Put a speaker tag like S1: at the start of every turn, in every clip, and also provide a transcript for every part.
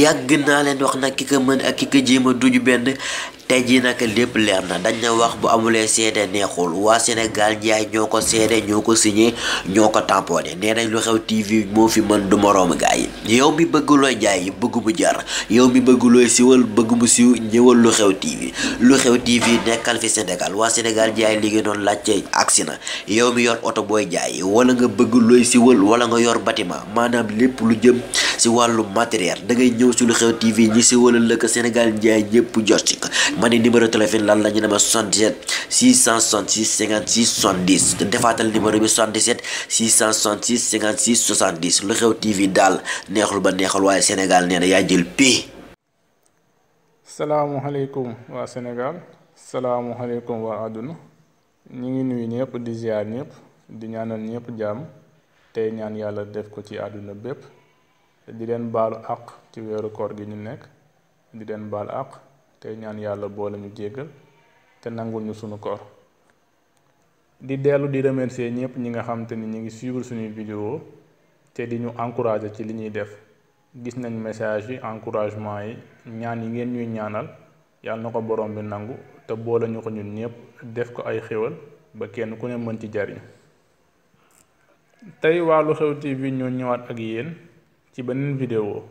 S1: yàgg naa leen wax nag ki ko mën ak ki ko jéem a duñu benn tey jii lépp leer na dañ na wax bu amulee seede neexul waa Sénégal njaay ñoo ko seede ñoo ko signé ñoo ko tamponné nee nañ lu xew TV moo fi mën du moroom gaa yi yow mi bëgg looy jaay bëgg mu jar yow mi bëgg siwal bëgg mu siw ñëwal lu xew TV lu xew TV nekkal fi Sénégal waa Sénégal njaay liggéey noonu laajte agsi na yow mi yor oto booy jaay wala nga bëgg looy siwal wala nga yor bâtiment maanaam lépp lu jëm si wàllu matériel da ngay ñëw si lu xew TV ñi siwalal la ko Sénégal njaay ñëpp jot si ma ne numéro téléphone lan la ñu ne ma 77 666 56 70 te defaatal numéro bi 77 666 56 70 lu xew TV daal neexul ba neexul waaye Sénégal nee na yaa jël pay.
S2: salaamualeykum waa Sénégal salaamualeykum waa àdduna ñu ngi nuyu ñëpp di ziar ñëpp di ñaanal ñëpp jàmm tey ñaan yàlla def ko ci àdduna bépp di leen baalu àq ci weeru koor gi ñu nekk di leen baalu àq. tey ñaan yàlla boole ñu jéggal te nangul ñu sunu koor di dellu di remercier ñëpp ñi nga xam te ni ñu ngi suivre suñuy vidéo te di ñu encourager ci li ñuy def gis nañ message yi encouragement yi ñaan yi ngeen ñuy ñaanal yàlla na ko borom bi nangu te boole ñu ko ñun ñëpp def ko ay xéwal ba kenn ku ne mën ci jariñ tey waa Lu Xew TV ñoo ñëwaat ak yéen ci beneen vidéo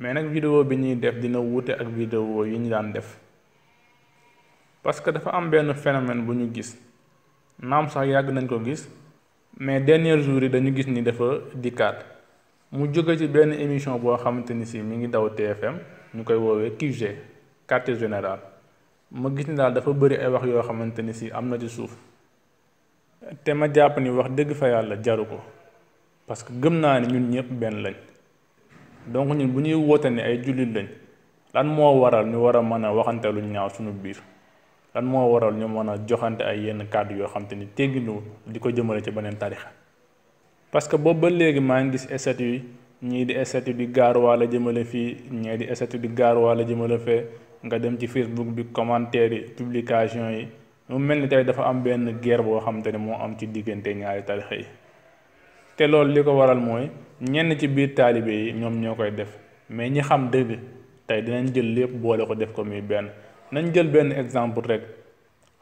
S2: mais nag vidéo bi ñuy def dina wuute ak vidéo yi ñu daan def parce que dafa am benn phénomène bu ñu gis naam sax yàgg nañ ko gis mais dernier jour yi dañu gis ni dafa dikkaat mu jóge ci benn émission boo xamante ni si mi ngi daw TFM ñu koy woowee QG quartier général ma gis ni daal dafa bëri ay wax yoo xamante ni si am na ci suuf te ma jàpp ni wax dëgg fa yàlla jaru ko parce que gëm naa ni ñun ñëpp benn lañ donc ñun bu ñuy woote ne ay jullit lañ lan moo waral ñu war a mën a waxante lu ñaaw suñu biir lan moo waral ñu mën a joxante ay yenn kàddu yoo xam ni tegginuwul di ko jëmale ci beneen tarixa parce que boobu ba léegi maa ngi gis statut yi ñii di statut di gaaruwaale jëmale fii ñii di statut di gaaruwaale jëmale fee nga dem ci Facebook bi commentaire yi publication yi mu mel ni tey dafa am benn guerre boo xam te ne moo am ci diggante ñaari tarixa yi te loolu li ko waral mooy ñenn ci biir taalibe yi ñoom ñoo koy def mais ñi xam dëgg tey dinañ jël lépp boole ko def ko muy benn nañ jël benn exemple rek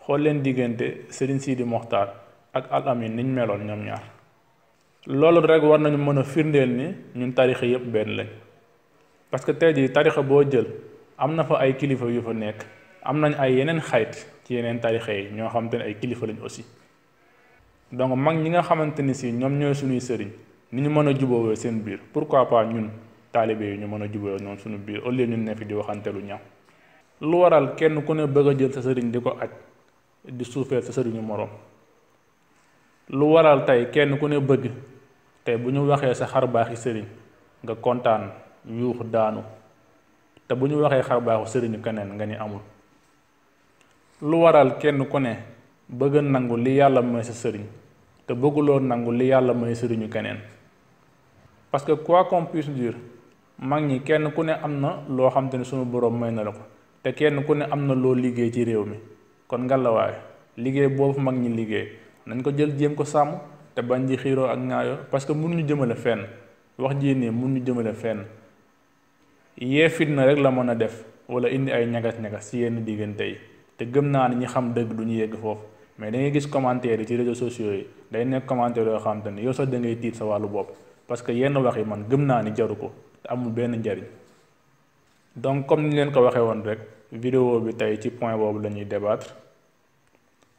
S2: xool leen diggante Serigne Sidi Mokhtar ak Al Amin niñ meloon ñoom ñaar loolu rek war nañu mën a firndeel ni ñun tarixa yépp benn lañ parce que tey jii tarixa boo jël am na fa ay kilifa yu fa nekk am nañ ay yeneen xarit ci yeneen tarixa yi ñoo xam te ne ay kilifa lañ aussi donc mag ñi nga xamante ni si ñoom ñooy suñuy sëriñ ni ñu mën a jubóowee seen biir pourquoi pas ñun taalibe yi ñu mën a jubóowee noonu suñu biir au lieu ñun ne fi di waxante lu ñaaw lu waral kenn ku ne bëgg jël sa sëriñ di ko aj di suufeel sa sëriñu moroom lu waral tey kenn ku ne bëgg tey bu ñu waxee sa xar baaxi sëriñ nga kontaan yuux daanu te bu ñu waxee xar sëriñu keneen nga ni amul lu waral kenn ku ne bëgg a nangu li yàlla mooy sa sëriñ te bëgguloo nangu li yàlla mooy sëriñu keneen parce que quoi qu'on puisse mag ñi kenn ku ne am na loo xam te ne sunu boroom may na la ko te kenn ku ne am na loo liggéey ci réew mi kon ngalawaay liggéey boobu mag ñi liggéey nañ ko jël jéem ko sàmm te bañ ji xiiroo ak ŋaayoo parce que mënuñu jëmale fenn wax jii nii mënuñu jëmale fenn yee fitna rek la mën a def wala indi ay ñagas-ñagas ci yenn diggante yi te gëm naa ne xam dëgg du ñu yegg foofu. mais da gis commentaire yi ci réseaux sociaux yi day nekk commentaire yoo xam ne yow sax da ngay tiit sa wàllu bopp parce que yenn wax yi man gëm naa ni jaru ko te amul benn njariñ donc comme ni leen ko waxee woon rek vidéo bi tey ci point boobu la ñuy débattre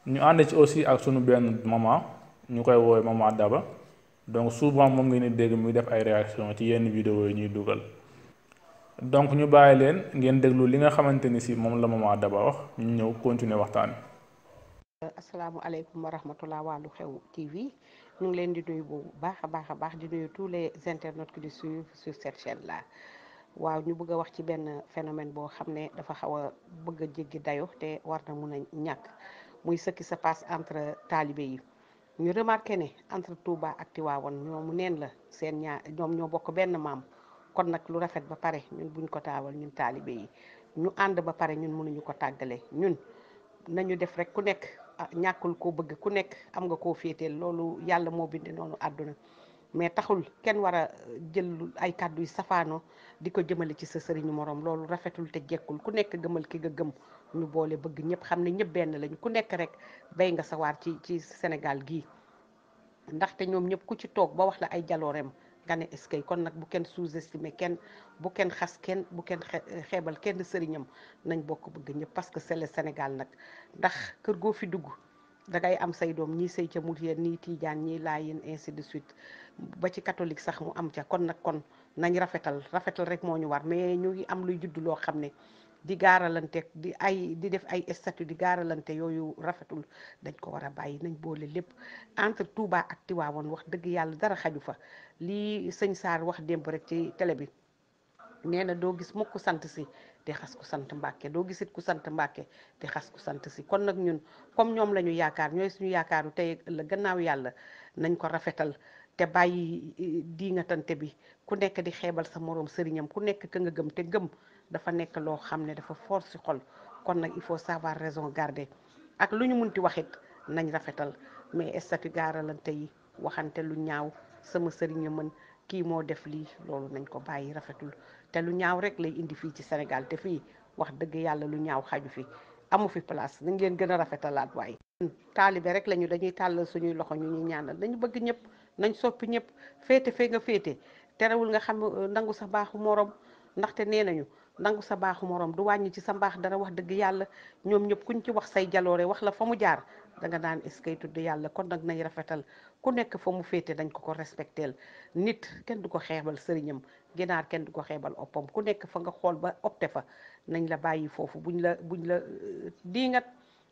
S2: ñu ànd ci aussi ak sunu benn maman ñu koy woowee maman Daba donc souvent moom ngeen di dégg muy def ay réaction ci yenn vidéo yi ñuy dugal donc ñu bàyyi leen ngeen déglu li nga xamante ni si moom la maman Daba wax ñëw continuer waxtaan
S1: asalaamaaleykum wa rahmatulah wàllu xew TV ñu ngi leen di nuyu bu baax a baax a baax di nuyu tous les internautes qui nous suivent sur cette chaîne là waaw ñu bëgg a wax ci benn phénomène boo xam ne dafa xaw a bëgg a jéggi dayo te war na mun a ñàkk muy ce qui se passe entre talibé yi ñu remarqué ne entre Touba ak Tivaouane ñoomu neen la seen ñaar ñoom ñoo bokk benn maam kon nag lu rafet ba pare ñun buñ ko taawal ñun talibé yi ñu ànd ba pare ñun mënuñu ko tàggale ñun nañu def rek ku nekk. Ah, ñàkkul koo bëgg ku nekk am nga koo féeteel loolu yàlla moo bindee noonu àdduna mais taxul kenn war a euh, jël ay kàddu yu safaanoo di ko jëmale ci sa sëriñu moroom loolu rafetul te jekkul ku nekk gëmal ki nga gëm ñu boole bëgg ñëpp xam ne ñëpp benn lañu ku nekk rek bay nga sawaar ci ci Sénégal gii ndaxte ñoom ñëpp ku ci toog ba wax la ay jalooreem nga ne est-ce que kon nag bu kenn sous-estimer kenn bu kenn xas kenn bu kenn xeebal kenn sëriñam nañ bokk bëgg ñëpp parce que c'est le Sénégal nag ndax kër goo fi dugg dangay am say doom ñii say ca murit ñii tiijaan lay laayin ainsi de suite ba ci catholique sax mu am ca kon nag kon nañ rafetal rafetal rek moo ñu war mais ñu ngi am luy juddu loo xam ne di gaaralante di ay di def ay statut di gaaralante yooyu rafetul dañ ko war a bàyyi nañ boole lépp entre Touba ak Tivaouane wax dëgg yàlla dara xaju fa lii sëñ Saar wax démb rek ci télé bi nee doo gis mukk sant si te xas ku sant Mbàkke doo gisit ku sant Mbàkke te xas ku sant si kon nag ñun comme ñoom la ñu yaakaar ñooy suñu yaakaaru tey la gannaaw yàlla nañ ko rafetal te bàyyi e, diingatante bi ku nekk di xeebal sa moroom sëriñam ku nekk ka nga gëm te gëm dafa nekk loo xam ne dafa force si xol kon nag il faut savoir raison garder ak lu ñu munti waxit nañ rafetal mais statut gaaralante yi waxante lu ñaaw sama sëriñ a mën kii moo def lii loolu nañ ko bàyyi rafetul te lu ñaaw rek lay indi fii ci Sénégal te fii wax dëgg yàlla lu ñaaw xaju fi amu fi place nañ leen gën a rafetalaat waaye taalibe rek lañu dañuy tàllal suñuy loxo ñu ñuy ñaanal nañu bëgg ñëpp nañ soppi ñëpp féete fee nga féete terewul nga xam euh, nangu sa baaxu morom ndaxte nee nañu nangu sa baaxu morom du wàññi ci sa mbaax dara wax dëgg yàlla ñoom ñëpp ñu ci wax say jaloore wax la fa mu jaar danga naan est-ce yàlla kon nag nañ rafetal ku nekk fa mu féete dañ ko ko respecteel nit kenn du ko xeebal sëriñam ginaar kenn du ko xeebal oppam ku nekk fa nga xool ba opte fa nañ la bàyyi foofu buñ la buñ la euh, diingat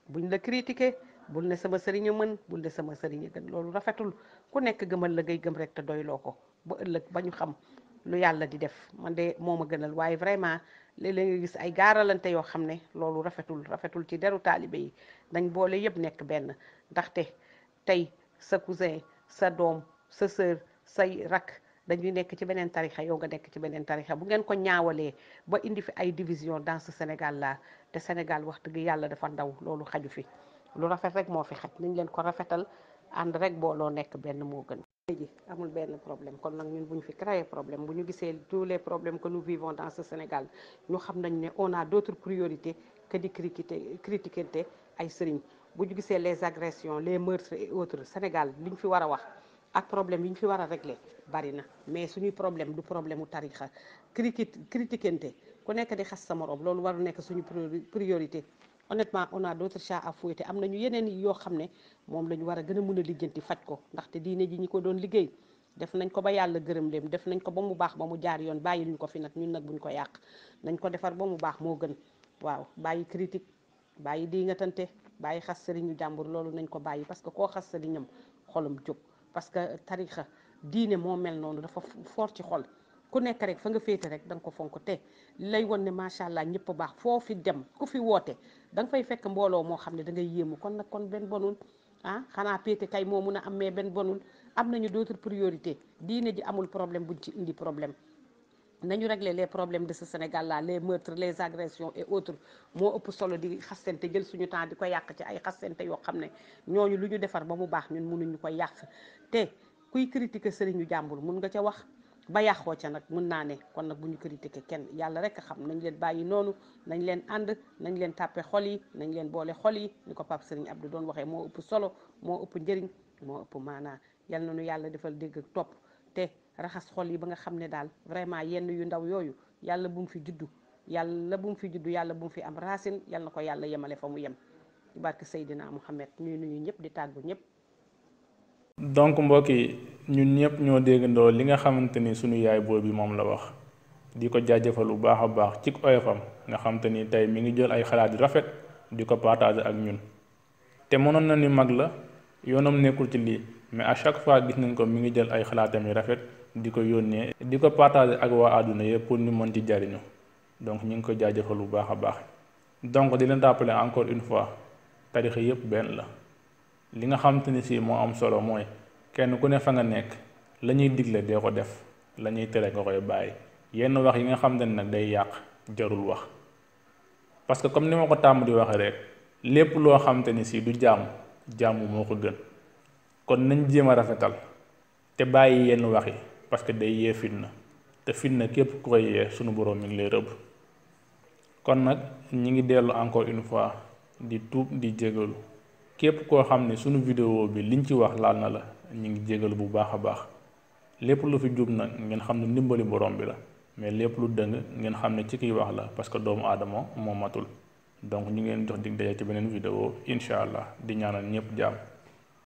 S1: buñ la critiquer bul ne sama sëriñ mën bul ne sama sëriñ gën loolu rafetul ku nekk gëmal la ngay gëm rek te doyloo ko ba ëllëg ba ñu xam lu yàlla di def man de moo ma gënal waaye vraiment léeg nga gis ay gaaralante yoo xam ne loolu rafetul rafetul ci deru taalibe yi dañ boole yëpp nekk benn ndaxte tey sa cousin sa doom sa sœur say rakk dañuy nekk ci beneen tarixa yow nga nekk ci beneen tarixa bu ngeen ko ñaawalee ba indi fi ay division dans ce Sénégal là te Sénégal waxtu dëgg yàlla dafa ndaw loolu xaju fi lu rafet rek moo fi xaj nañ leen ko rafetal ànd rek booloo nekk benn moo gën léegi amul benn problème kon nag ñun bu ñu fi créer problème bu ñu gisee tous les problèmes que nous vivons dans ce Sénégal ñu xam nañ ne on a d'autres priorités que di ay sëriñ bu ñu gisee les agressions les meurtres et autres Sénégal li ñu fi war a wax ak problème yi ñu fi war a régler bari na mais suñuy problème du problème mu tarixa critiquente ku nekk di xas sa moroom loolu war a nekk suñu priorité honnêtement on a d'autres chats à fouetter am nañu yeneen yoo xam ne moom lañu war a gën a mun a lijjanti faj ko ndaxte diine ji ñu ko doon liggéey def nañ ko ba yàlla gërëm leen def nañ ko ba mu baax ba mu jaar yoon bàyyi ñu ko fi nag ñun nag buñ ko yàq nañ ko defar ba mu baax moo gën bàyyi dii nga tante bàyyi xas sa sëriñu jàmbur loolu nañ ko bàyyi parce que koo xas sa sëriñam xolam jóg parce que tarixa diine moo mel noonu dafa fort ci xol ku nekk rek fa nga féete rek da nga ko fonk te lay won ne allah ñëpp baax foo fi dem ku fi woote da nga fay fekk mbooloo moo xam ne da ngay yéemu kon nag kon benn bonul ah xanaa péete kay moo mun a am mais benn bonul am nañu d'autres priorités diine ji amul problème buñ ci indi problème nañu régler les problème de sa Sénégal là les meurtres les agressions et autres moo ëpp solo di xastante jël suñu temps di ko yàq ci ay xastante yoo xam ne ñooñu lu ñu defar ba mu baax ñun mënuñu ko yàq te kuy critiquer sëriñu jàmbur mun nga ca wax ba yàqoo ca nag mun naa ne kon nag bu ñu critiquer kenn yàlla rek xam nañ leen bàyyi noonu nañ leen ànd nañ leen tàppe xol yi nañ leen boole xol yi ni ko Pape Serigne di doon waxee moo ëpp solo moo ëpp njëriñ moo ëpp maanaa yal na yàlla defal dégg ak raxas xol yi ba nga xam ne daal vraiment yenn yu ndaw yooyu yàlla bu fi juddu yàlla bu mu fi juddu yàlla bu fi am racine yàlla na ko yàlla yemale fa mu yem ci barke Seydina Mouhamed ñuy nuyu ñëpp di tàggu ñëpp.
S2: donc mbokk yi ñun ñëpp ñoo déggandoo li nga xamante ni sunu yaay booy bi moom la wax di ko jaajëfal bu baax a baax ci oyofam nga xam ni tey mi ngi jël ay xalaat yu rafet di ko partager ak ñun te mënoon ni mag la yoonam nekkul ci lii. mais à chaque fois gis nañ ko mu ngi jël ay xalaatam yu rafet di ko yónnee di ko partager ak waa àdduna yëpp pour ñu mën ci jariñu donc ñu ngi ko jaajëfal bu baax a baax donc di leen rappeler encore une fois tarixa yëpp benn la li nga xam te si moo am solo mooy kenn ku ne fa nga nekk la ñuy digle dee ko def lañuy ñuy tere nga koy bàyyi yenn wax yi nga xam ne nag day yàq jarul wax parce que comme ni ma ko tàmm di waxee rek lépp loo xam te ni si du jàmm jàmm moo ko gën kon nañ jéem a rafetal te bàyyi yenn waxi yi parce que day yee fitna te fitna képp ku koy yee sunu boroom mi ngi lay rëbb kon nag ñi ngi dellu encore une fois di tuub di jégalu képp koo xam ne sunu video bi liñ ci wax laal na la ñu ngi jégalu bu baax a baax lépp lu fi jub nag ngeen xam ne ndimbali borom bi la mais lépp lu dëng ngeen xam ne ci kiy wax la parce que doomu aadama moo matul donc ñu ngeen jox dig daje ci beneen vidéo incha allah di ñaanal ñëpp jàmm.